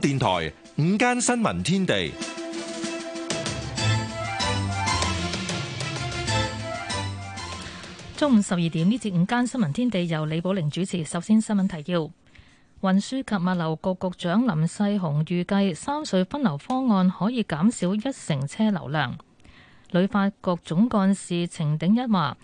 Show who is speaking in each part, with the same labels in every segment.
Speaker 1: 電台午間新聞天地，
Speaker 2: 中午十二點呢節午間新聞天地由李寶玲主持。首先新聞提要：運輸及物流局局長林世雄預計三隧分流方案可以減少一成車流量。旅發局總幹事程鼎一話。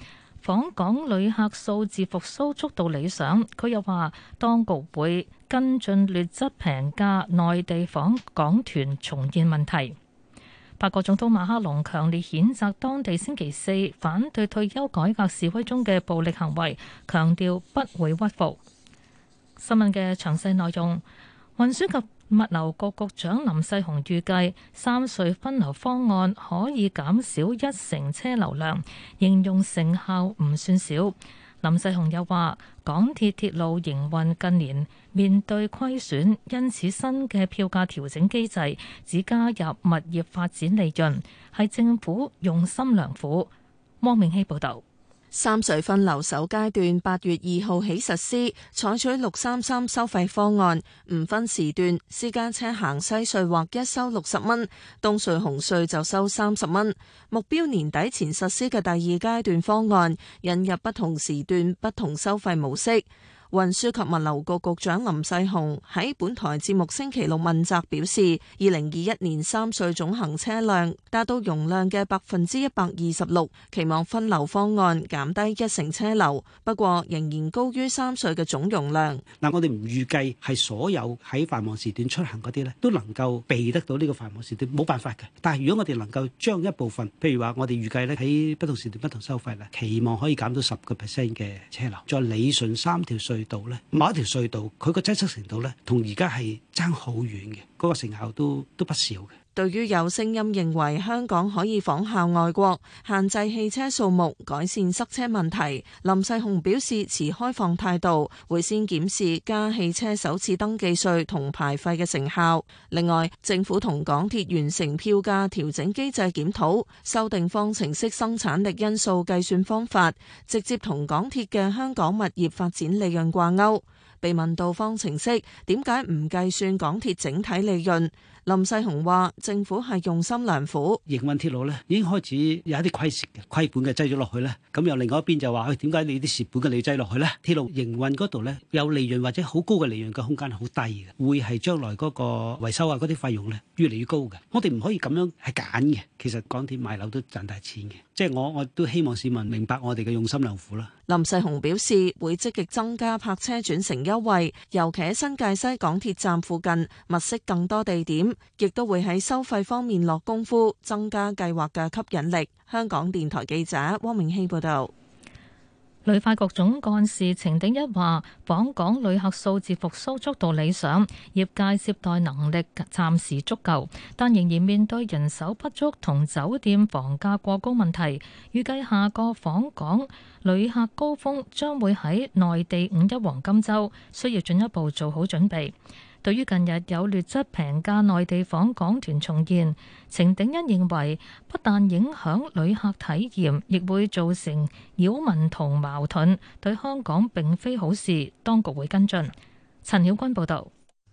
Speaker 2: 訪港旅客數字復甦速度理想，佢又話，當局會跟進劣質平價內地訪港團重現問題。法國總統馬克龍強烈譴責當地星期四反對退休改革示威中嘅暴力行為，強調不會屈服。新聞嘅詳細內容，運輸及物流局局長林世雄預計，三隧分流方案可以減少一成車流量，應用成效唔算少。林世雄又話，港鐵鐵路營運近年面對虧損，因此新嘅票價調整機制只加入物業發展利潤，係政府用心良苦。汪明熙報道。
Speaker 3: 三隧分流首階段八月二號起實施，採取六三三收費方案，唔分時段，私家車行西隧劃一收六十蚊，東隧紅隧就收三十蚊。目標年底前實施嘅第二階段方案，引入不同時段不同收費模式。運輸及物流局局長林世雄喺本台節目星期六問責，表示二零二一年三隧總行車輛達到容量嘅百分之一百二十六，期望分流方案減低一成車流，不過仍然高於三隧嘅總容量。
Speaker 4: 嗱，我哋唔預計係所有喺繁忙時段出行嗰啲咧都能夠避得到呢個繁忙時段，冇辦法嘅。但係如果我哋能夠將一部分，譬如話我哋預計咧喺不同時段不同收費啦，期望可以減到十個 percent 嘅車流，再理順三條隧。隧道咧，某一條隧道，佢個擠塞程度咧，同而家係爭好遠嘅，嗰個成效都都不少嘅。
Speaker 3: 對於有聲音認為香港可以仿效外國限制汽車數目，改善塞車問題，林世雄表示持開放態度，會先檢視加汽車首次登記稅同牌費嘅成效。另外，政府同港鐵完成票價調整機制檢討，修訂方程式生產力因素計算方法，直接同港鐵嘅香港物業發展利潤掛鈎。被問到方程式點解唔計算港鐵整體利潤？林世雄話：
Speaker 4: 政府係用心良苦。營運鐵路咧已經開始有一啲虧蝕嘅虧本嘅擠咗落去咧，咁又另外一邊就話：誒，點解你啲蝕本嘅你擠落去咧？鐵路營運嗰度咧有利潤或者好高嘅利潤嘅空間好低嘅，會係將來嗰個維修啊嗰啲費用咧越嚟越高嘅。我哋唔可以咁樣係揀嘅。其實港鐵賣樓都賺大錢嘅，即係我我都希望市民明白我哋嘅用心良苦啦。
Speaker 3: 林世雄表示會積極增加泊車轉乘優惠，尤其喺新界西港鐵站附近物色更多地點。亦都會喺收費方面落功夫，增加計劃嘅吸引力。香港電台記者汪
Speaker 2: 明熙報導，旅發局總幹事程鼎一話，訪港旅客數字復甦速度理想，業界接待能力暫時足夠，但仍然面對人手不足同酒店房價過高問題。預計下個訪港旅客高峰將會喺內地五一黃金週，需要進一步做好準備。對於近日有劣質平價內地訪港團重現，程鼎欣認為不但影響旅客體驗，亦會造成擾民同矛盾，對香港並非好事。當局會跟進。陳曉君報導。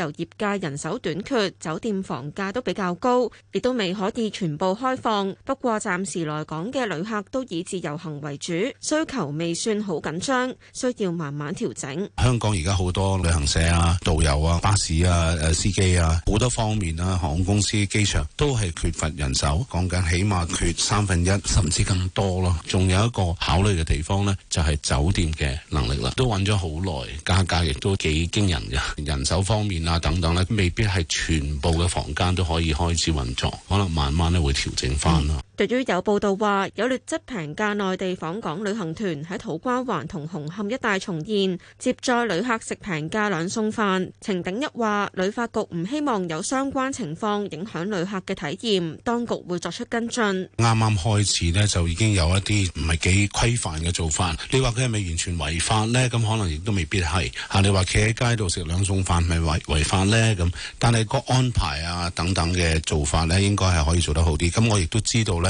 Speaker 5: 由業界人手短缺，酒店房價都比較高，亦都未可以全部開放。不過暫時來港嘅旅客都以自由行為主，需求未算好緊張，需要慢慢調整。
Speaker 1: 香港而家好多旅行社啊、導遊啊、巴士啊、誒司機啊，好多方面啊，航空公司、機場都係缺乏人手，講緊起碼缺三分一，甚至更多咯。仲有一個考慮嘅地方呢，就係酒店嘅能力啦，都揾咗好耐，價格亦都幾驚人嘅。人手方面。啊，等等咧，未必係全部嘅房間都可以開始運作，可能慢慢咧會調整翻咯。嗯。
Speaker 5: 由於有報道話有劣質平價內地訪港旅行團喺土瓜灣同紅磡一帶重現接載旅客食平價兩餸飯，程鼎一話旅發局唔希望有相關情況影響旅客嘅體驗，當局會作出跟進。
Speaker 1: 啱啱開始呢，就已經有一啲唔係幾規範嘅做法，你話佢係咪完全違法呢？咁可能亦都未必係嚇、啊。你話企喺街度食兩餸飯係違違法呢？咁，但係個安排啊等等嘅做法呢，應該係可以做得好啲。咁我亦都知道呢。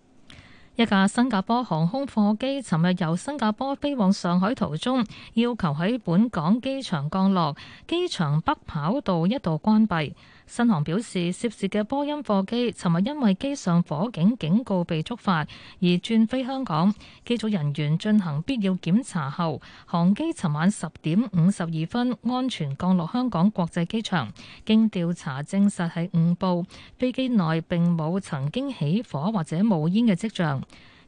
Speaker 2: 一架新加坡航空貨機尋日由新加坡飛往上海途中，要求喺本港機場降落，機場北跑道一度關閉。新航表示，涉事嘅波音貨機尋日因為機上火警警告被觸發而轉飛香港，機組人員進行必要檢查後，航機尋晚十點五十二分安全降落香港國際機場，經調查證實係誤報，飛機內並冇曾經起火或者冒煙嘅迹象。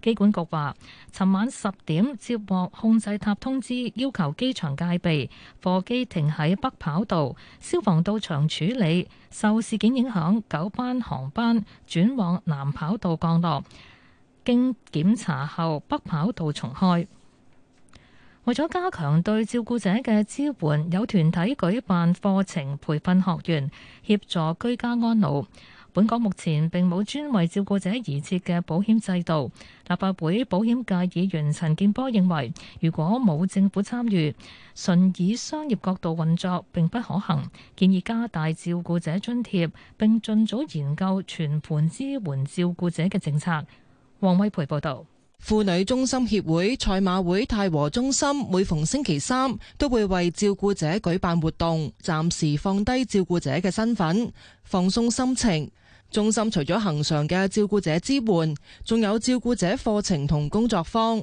Speaker 2: 機管局話，尋晚十點接獲控制塔通知，要求機場戒備，貨機停喺北跑道，消防到場處理。受事件影響，九班航班轉往南跑道降落。經檢查後，北跑道重開。為咗加強對照顧者嘅支援，有團體舉辦課程培訓學員，協助居家安老。本港目前並冇專為照顧者而設嘅保險制度。立法會保險界議員陳建波認為，如果冇政府參與，純以商業角度運作並不可行。建議加大照顧者津貼，並儘早研究全盤支援照顧者嘅政策。黃威培報導。婦女中心協
Speaker 4: 會賽馬會太和中心每逢星期三都會為照顧者舉辦活動，暫時放低照顧者嘅身份，放鬆心情。中心除咗恒常嘅照顧者支援，仲有照顧者課程同工作坊。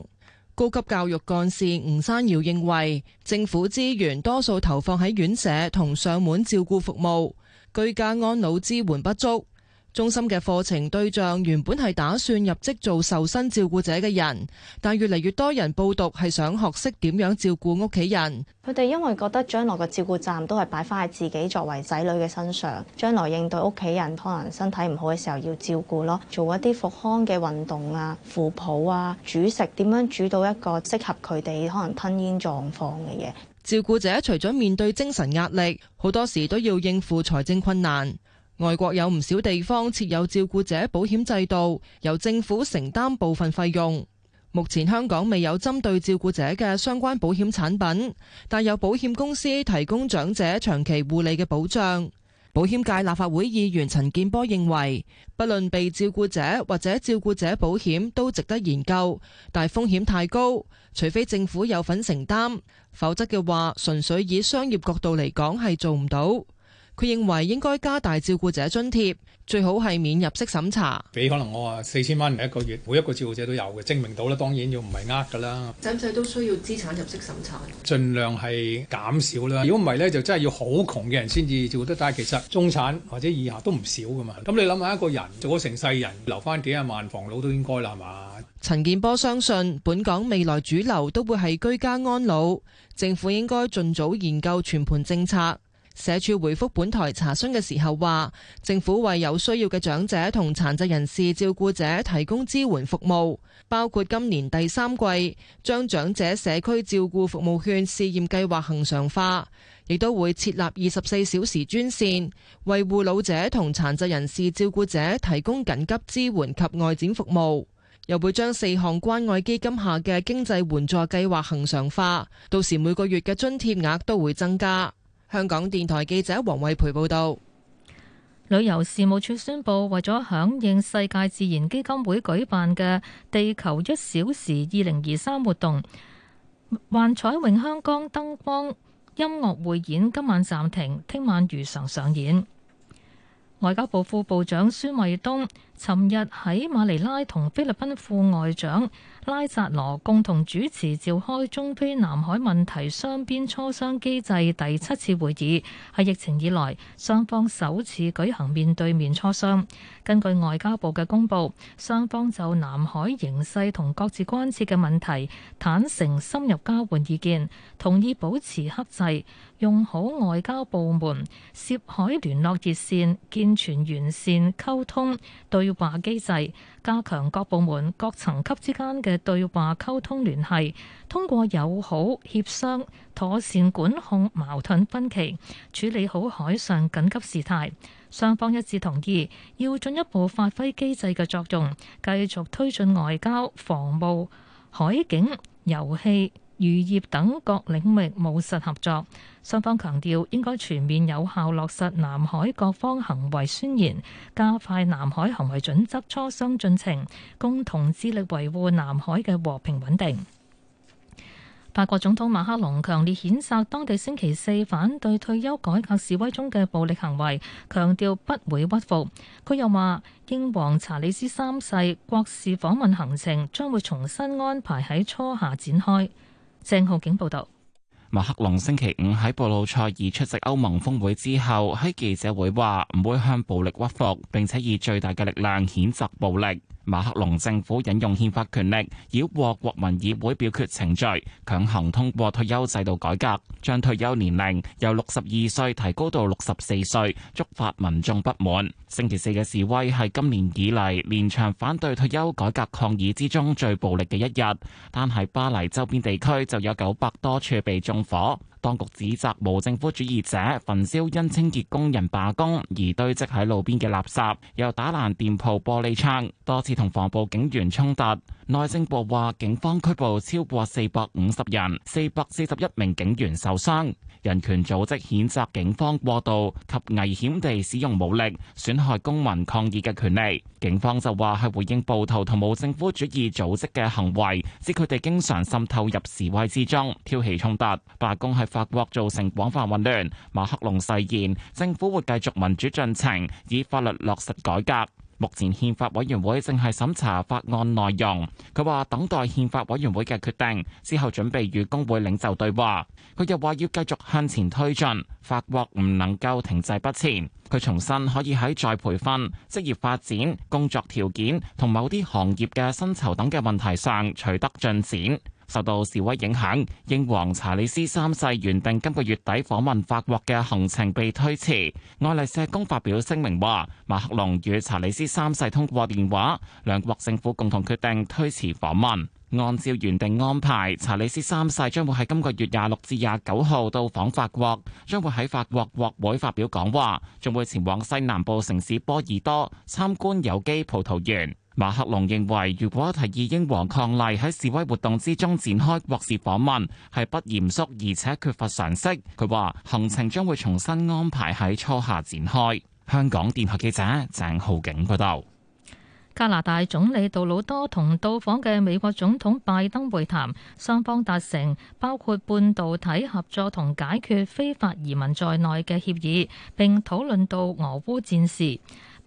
Speaker 4: 高級教育幹事吳山瑤認為，政府資源多數投放喺院舍同上門照顧服務，居家安老支援不足。中心嘅課程對象原本係打算入職做受薪照顧者嘅人，但越嚟越多人報讀係想學識點樣照顧屋企人。
Speaker 6: 佢哋因為覺得將來個照顧站都係擺翻喺自己作為仔女嘅身上，將來應對屋企人可能身體唔好嘅時候要照顧咯，做一啲復康嘅運動啊、扶抱啊、煮食，點樣煮到一個適合佢哋可能吞嚥狀況嘅嘢。
Speaker 4: 照顧者除咗面對精神壓力，好多時都要應付財政困難。外國有唔少地方設有照顧者保險制度，由政府承擔部分費用。目前香港未有針對照顧者嘅相關保險產品，但有保險公司提供長者長期護理嘅保障。保險界立法會議員陳建波認為，不論被照顧者或者照顧者保險都值得研究，但風險太高，除非政府有份承擔，否則嘅話純粹以商業角度嚟講係做唔到。佢認為應該加大照顧者津貼，最好係免入息審查，
Speaker 7: 俾可能我話四千蚊唔係一個月，每一個照顧者都有嘅，證明到啦。當然要唔係呃㗎啦，
Speaker 4: 使唔使都需要資產入息審查，
Speaker 7: 儘量係減少啦。如果唔係咧，就真係要好窮嘅人先至照顧得。但係其實中產或者以下都唔少噶嘛。咁你諗下一個人做咗成世人，留翻幾廿萬防老都應該啦，係嘛？
Speaker 4: 陳建波相信本港未來主流都會係居家安老，政府應該盡早研究全盤政策。社署回复本台查詢嘅時候話，政府為有需要嘅長者同殘疾人士照顧者提供支援服務，包括今年第三季將長者社區照顧服務券試驗計劃恆常化，亦都會設立二十四小時專線，為護老者同殘疾人士照顧者提供緊急支援及外展服務，又會將四項關愛基金下嘅經濟援助計劃恆常化，到時每個月嘅津貼額都會增加。
Speaker 2: 香港電台記者王慧培報道，旅遊事務處宣布為咗響應世界自然基金會舉辦嘅地球一小時二零二三活動，幻彩詠香江燈光音樂會演今晚暫停，聽晚如常上演。外交部副部長孫衛東尋日喺馬尼拉同菲律賓副外長。拉扎羅共同主持召開中菲南海問題雙邊磋商機制第七次會議，係疫情以來雙方首次舉行面對面磋商。根據外交部嘅公布，雙方就南海形勢同各自關切嘅問題坦誠深入交換意見，同意保持克制，用好外交部門涉海聯絡熱線健全完善溝通對話機制，加強各部門各層級之間嘅。嘅對話溝通聯繫，通過友好協商妥善管控矛盾分歧，處理好海上緊急事態。雙方一致同意，要進一步發揮機制嘅作用，繼續推進外交、防務、海警、遊戲。漁業等各領域務實合作，雙方強調應該全面有效落實南海各方行為宣言，加快南海行為準則磋商進程，共同致力維護南海嘅和平穩定。法國總統馬克龍強烈譴責當地星期四反對退休改革示威中嘅暴力行為，強調不會屈服。佢又話，英皇查理斯三世國事訪問行程將會重新安排喺初夏展開。鄭浩景報道，
Speaker 8: 馬克龍星期五喺布魯塞爾出席歐盟峰會之後，喺記者會話唔會向暴力屈服，並且以最大嘅力量譴責暴力。馬克龍政府引用憲法權力繞過國民議會表決程序，強行通過退休制度改革，將退休年齡由六十二歲提高到六十四歲，觸發民眾不滿。星期四嘅示威係今年以嚟連場反對退休改革抗議之中最暴力嘅一日，但係巴黎周邊地區就有九百多處被縱火。當局指責無政府主義者焚燒因清潔工人罷工而堆積喺路邊嘅垃圾，又打爛店鋪玻璃窗，多次同防暴警員衝突。內政部話，警方拘捕超過四百五十人，四百四十一名警員受傷。人權組織譴責警方過度及危險地使用武力，損害公民抗議嘅權利。警方就話係回應暴徒同冇政府主義組織嘅行為，指佢哋經常滲透入示威之中，挑起衝突。罷工喺法國造成廣泛混亂。馬克龍誓言政府會繼續民主進程，以法律落實改革。目前憲法委員會正係審查法案內容，佢話等待憲法委員會嘅決定之後，準備與工會領袖對話。佢又話要繼續向前推進，法國唔能夠停滯不前。佢重申可以喺再培訓、職業發展、工作條件同某啲行業嘅薪酬等嘅問題上取得進展。受到示威影響，英皇查理斯三世原定今個月底訪問法國嘅行程被推遲，愛麗舍宮發表聲明話馬克龍與查理斯三世通過電話，兩國政府共同決定推遲訪問，按照原定安排，查理斯三世將會喺今個月廿六至廿九號到訪法國，將會喺法國國會發表講話，仲會前往西南部城市波爾多參觀有機葡萄園。馬克龍認為，如果提議英王伉儷喺示威活動之中展開國事訪問，係不嚴肅而且缺乏常識。佢話行程將會重新安排喺初夏展開。香港電台記者鄭浩景報道。
Speaker 2: 加拿大總理杜魯多同到訪嘅美國總統拜登會談，雙方達成包括半導體合作同解決非法移民在內嘅協議，並討論到俄烏戰事。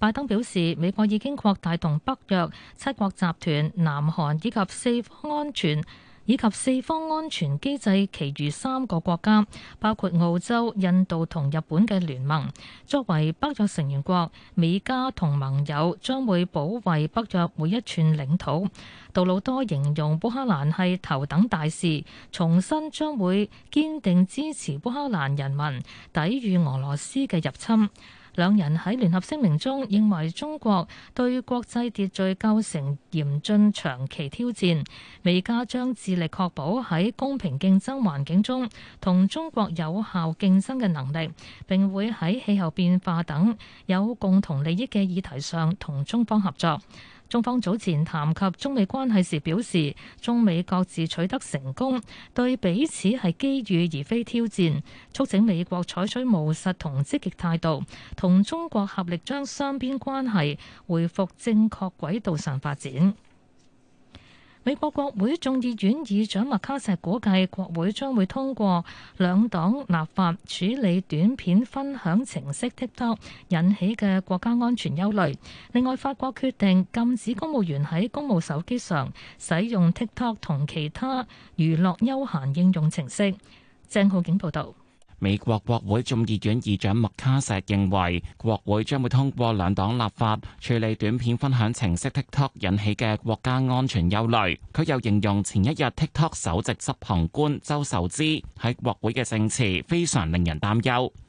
Speaker 2: 拜登表示，美國已經擴大同北約七國集團、南韓以及四方安全以及四方安全機制，其餘三個國家，包括澳洲、印度同日本嘅聯盟，作為北約成員國，美加同盟友將會保衛北約每一寸領土。杜魯多形容烏克蘭係頭等大事，重申將會堅定支持烏克蘭人民，抵禦俄羅斯嘅入侵。兩人喺聯合聲明中認為中國對國際秩序構成嚴峻長期挑戰，美加將致力確保喺公平競爭環境中同中國有效競爭嘅能力，並會喺氣候變化等有共同利益嘅議題上同中方合作。中方早前談及中美關係時表示，中美各自取得成功，對彼此係機遇而非挑戰，促請美國採取務實同積極態度，同中國合力將雙邊關係回復正確軌道上發展。美國國會眾議院議長麥卡錫估計，國會將會通過兩黨立法處理短片分享程式 TikTok 引起嘅國家安全憂慮。另外，法國決定禁止公務員喺公務手機上使用 TikTok 同其他娛樂休閒應用程式。鄭浩景報導。
Speaker 8: 美國國會眾議院議長麥卡錫認為，國會將會通過兩黨立法處理短片分享程式 TikTok 引起嘅國家安全憂慮。佢又形容前一日 TikTok 首席執行官周受資喺國會嘅證詞非常令人擔憂。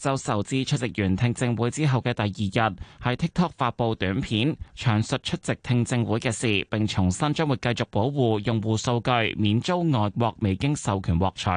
Speaker 8: 周受資出席完聽證會之後嘅第二日，喺 TikTok 發布短片，詳述出席聽證會嘅事，並重申將會繼續保護用戶數據免遭外國未經授權獲取。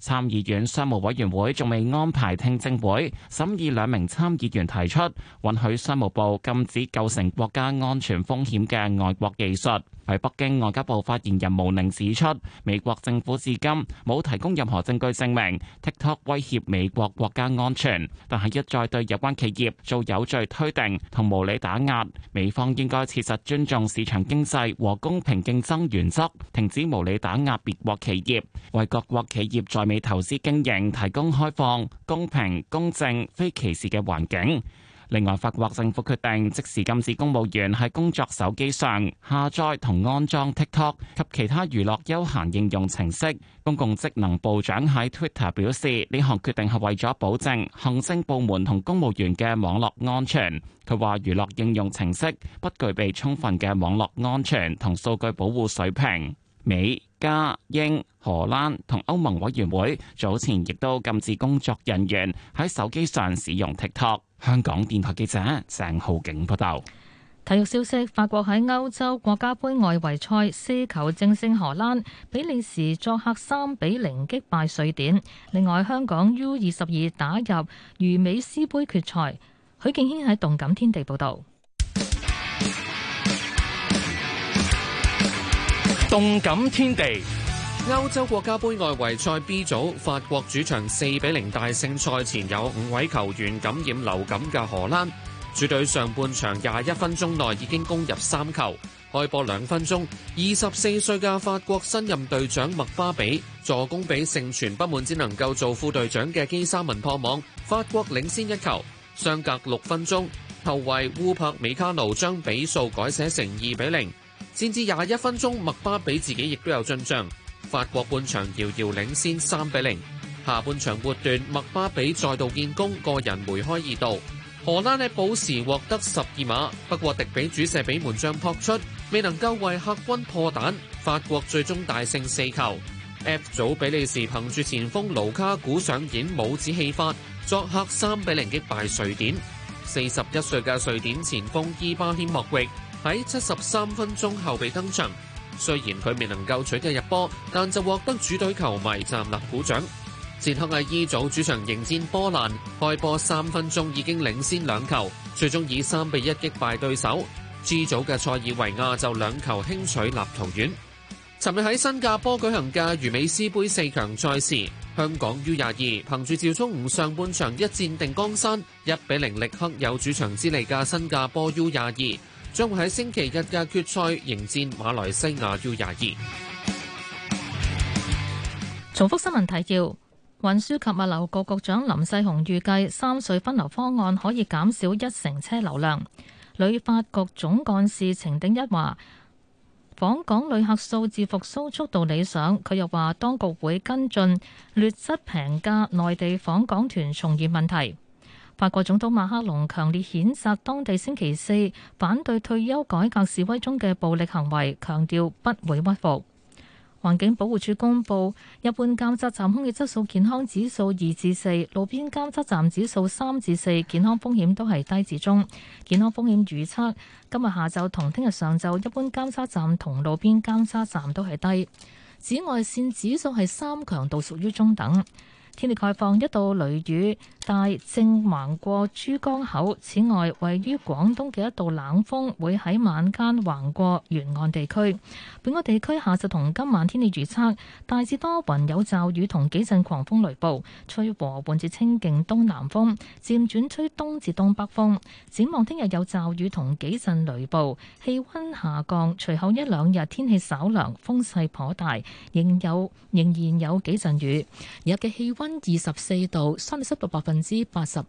Speaker 8: 參議院商務委員會仲未安排聽證會審議兩名參議員提出，允許商務部禁止構成國家安全風險嘅外國技術。喺北京外交部發言人毛寧指出，美國政府至今冇提供任何證據證明 TikTok 威脅美國國家安全。但係一再對有關企業做有罪推定同無理打壓，美方應該切實尊重市場經濟和公平競爭原則，停止無理打壓別國企業，為各國企業在美投資經營提供開放、公平、公正、非歧視嘅環境。另外，法國政府決定即時禁止公務員喺工作手機上下載同安裝 TikTok 及其他娛樂休閒應用程式。公共職能部長喺 Twitter 表示，呢項決定係為咗保證行政部門同公務員嘅網絡安全。佢話，娛樂應用程式不具備充分嘅網絡安全同數據保護水平。美、加、英、荷蘭同歐盟委員會早前亦都禁止工作人員喺手機上使用 TikTok。香港電台記者鄭浩景報道。
Speaker 2: 體育消息：法國喺歐洲國家盃外圍賽四球正勝荷蘭，比利時作客三比零擊敗瑞典。另外，香港 U 二十二打入魚尾獅杯決賽，許敬軒喺動感天地報道。動感天地，
Speaker 7: 歐洲國家杯外圍賽 B 組，法國主場四比零大勝。賽前有五位球員感染流感嘅荷蘭主隊，上半場廿一分鐘內已經攻入三球。開波兩分鐘，二十四歲嘅法國新任隊長麥巴比助攻，俾盛傳不滿只能夠做副隊長嘅基沙文破網，法國領先一球。相隔六分鐘，後衛烏柏美卡奴將比數改寫成二比零。先至廿一分鐘，麥巴比自己亦都有進賬。法國半場遙遙領先三比零。下半場活段，麥巴比再度建功，個人梅開二度。荷蘭喺補時獲得十二碼，不過迪比主射畀門將撲出，未能夠為客軍破蛋。法國最終大勝四球。F 組比利時憑住前鋒盧卡古上演帽子戲法，作客三比零擊敗瑞典。四十一歲嘅瑞典前鋒伊巴謙莫域喺七十三分鐘後被登場，雖然佢未能夠取得入波，但就獲得主隊球迷站立鼓掌。捷克喺 E 組主場迎戰波蘭，開波三分鐘已經領先兩球，最終以三比一擊敗對手。G 組嘅塞爾維亞就兩球輕取立陶宛。尋日喺新加坡舉行嘅魚美斯杯四強賽事，香港 U 廿二憑住朝中午上半場一戰定江山一比零力克有主場之利嘅新加坡 U 廿二。將會喺星期日嘅決賽迎戰馬來西亞 U 廿二。
Speaker 2: 重複新聞提要：運輸及物流局局長林世雄預計三隧分流方案可以減少一成車流量。旅發局總幹事程鼎一話，訪港旅客數字復蘇速度理想。佢又話當局會跟進劣質平價內地訪港團從業問題。法國總統馬克龍強烈譴責當地星期四反對退休改革示威中嘅暴力行為，強調不會屈服。環境保護署公布，一般監測站空氣質素健康指數二至四，路邊監測站指數三至四，健康風險都係低至中。健康風險預測今日下晝同聽日上晝，一般監測站同路邊監測站都係低。紫外線指數係三，強度屬於中等。天氣概況，一道雷雨帶正橫過珠江口。此外，位於廣東嘅一道冷風會喺晚間橫過沿岸地區。本港地區下晝同今晚天氣預測大致多雲有驟雨同幾陣狂風雷暴，吹和緩至清勁東南風，漸轉吹東至東北風。展望聽日有驟雨同幾陣雷暴，氣温下降。隨後一兩日天氣稍涼，風勢頗大，仍有仍然有幾陣雨。而家嘅氣均二十四度，三濕度百分之八十五，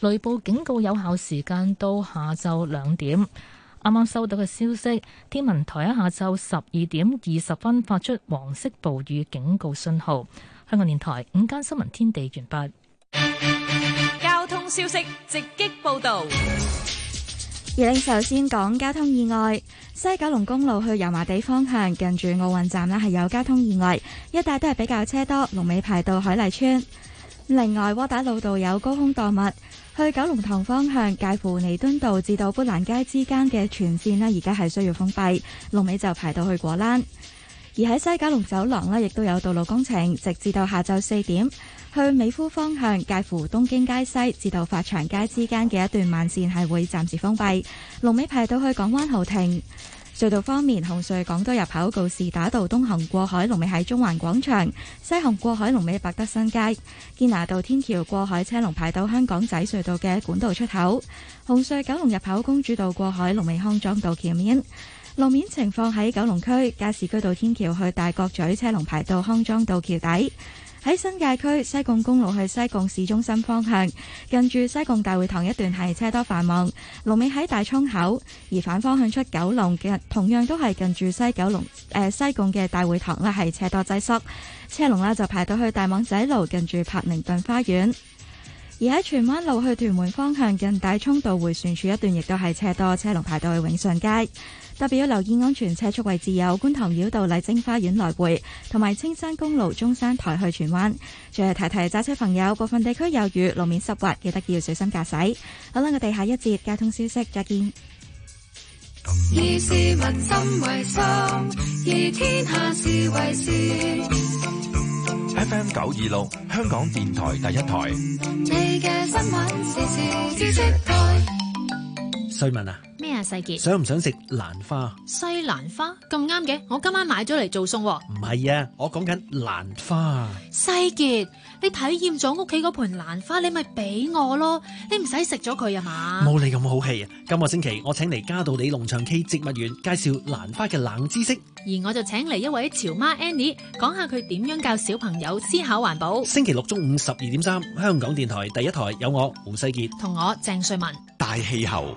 Speaker 2: 雷暴警告有效時間到下晝兩點。啱啱收到嘅消息，天文台喺下晝十二點二十分發出黃色暴雨警告信號。香港電台午間新聞天地完畢。
Speaker 6: 交通消息
Speaker 4: 直擊報導。
Speaker 2: 而你首先講交通意外，
Speaker 9: 西九龍公路去油麻地方向，近住奧運站咧，係有交通意外，一帶都係比較車多，龍尾排到海麗村。另外，窩打老道有高空墮物，去九龍塘方向介乎彌敦道至到砵蘭街之間嘅全線咧，而家係需要封閉，龍尾就排到去果欄。而喺西九龍走廊咧，亦都有道路工程，直至到下晝四點。去美孚方向介乎東京街西至道發祥街之間嘅一段慢線係會暫時封閉。龍尾排到去港灣豪庭。隧道方面，紅隧港島入口告士打道東行過海龍尾喺中環廣場，西行過海龍尾，百德新街。堅拿道天橋過海車龍排到香港仔隧道嘅管道出口。紅隧九龍入口公主道過海龍尾，康莊道橋面。路面情況，喺九龍區加士居道天橋去大角咀車龍排到康莊道橋底。喺新界區西貢公路去西貢市中心方向，近住西貢大會堂一段係車多繁忙，路尾喺大涌口。而反方向出九龍嘅，同樣都係近住西九龍誒、呃、西貢嘅大會堂啦，係車多擠塞，車龍啦就排到去大網仔路，近住柏寧頓花園。而喺荃灣路去屯門方向，近大涌道迴旋處一段，亦都係車多，車龍排到去永順街。特別留意安全車速位置有觀塘繞道麗晶花園來回同埋青山公路中山台去荃灣。最後提提揸車車朋友，部分地區有雨，路面濕滑，記得要小心駕駛。好啦，我哋下一節交通消息，再見。
Speaker 7: 以市民
Speaker 6: 心為心，以天下事
Speaker 7: 為事。 FM 九二六，香港電台第一台。
Speaker 6: 你嘅新聞，時事資訊台。瑞文啊，咩啊？世傑，想
Speaker 7: 唔想食蘭花？
Speaker 6: 西蘭花？咁啱嘅我今晚買咗嚟做餸。唔
Speaker 7: 係啊！我講緊蘭花。
Speaker 6: 世傑，你睇厭咗屋企嗰盆蘭花，你咪俾我咯，你唔使食咗佢啊嘛！
Speaker 7: 冇你咁好氣啊！今個星期我請嚟嘉道理農場暨植物園介紹蘭花嘅冷知識，
Speaker 6: 而我就請嚟一位潮媽 Annie 講下佢點樣教小朋友思考環保。星期六中午十二點三，香港電台第一台有我胡世傑同我鄭瑞文大氣候。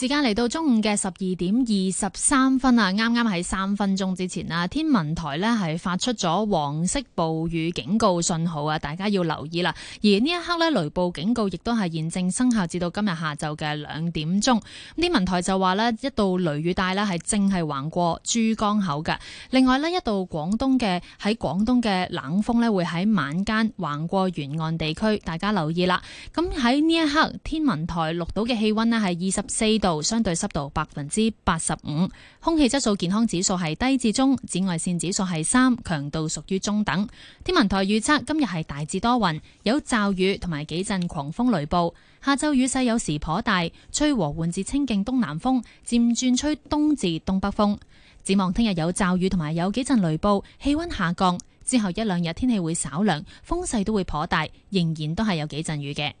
Speaker 6: 時間嚟到中午嘅十二點二十三分啊，啱啱喺三分鐘之前啊。天文台呢係發出咗黃色暴雨警告信號啊，大家要留意啦。而呢一刻呢，雷暴警告亦都係現正生效，至到今日下晝嘅兩點鐘。天文台就話呢，一道雷雨帶呢係正係橫過珠江口嘅。另外呢，一道廣東嘅喺廣東嘅冷風呢會喺晚間橫過沿岸地區，大家留意啦。咁喺呢一刻，天文台錄到嘅氣溫呢係二十四度。相對濕度百分之八十五，空氣質素健康指數係低至中，紫外線指數係三，強度屬於中等。天文台預測今日係大致多雲，有驟雨同埋幾陣狂風雷暴，下晝雨勢有時頗大，吹和緩至清勁東南風，漸轉吹東至東北風。展望聽日有驟雨同埋有幾陣雷暴，氣溫下降，之後一兩日天氣會稍涼，風勢都會頗大，仍然都係有幾陣雨嘅。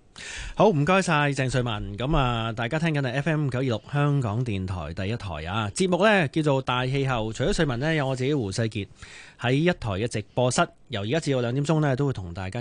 Speaker 7: 好，唔該晒鄭瑞文。咁啊，大家聽緊係 FM 九二六香港電台第一台啊。節目呢，叫做《大氣候》，除咗瑞
Speaker 4: 文呢，有我自己胡世杰喺一台嘅直播室，由而家至到兩點鐘呢，都會同大家。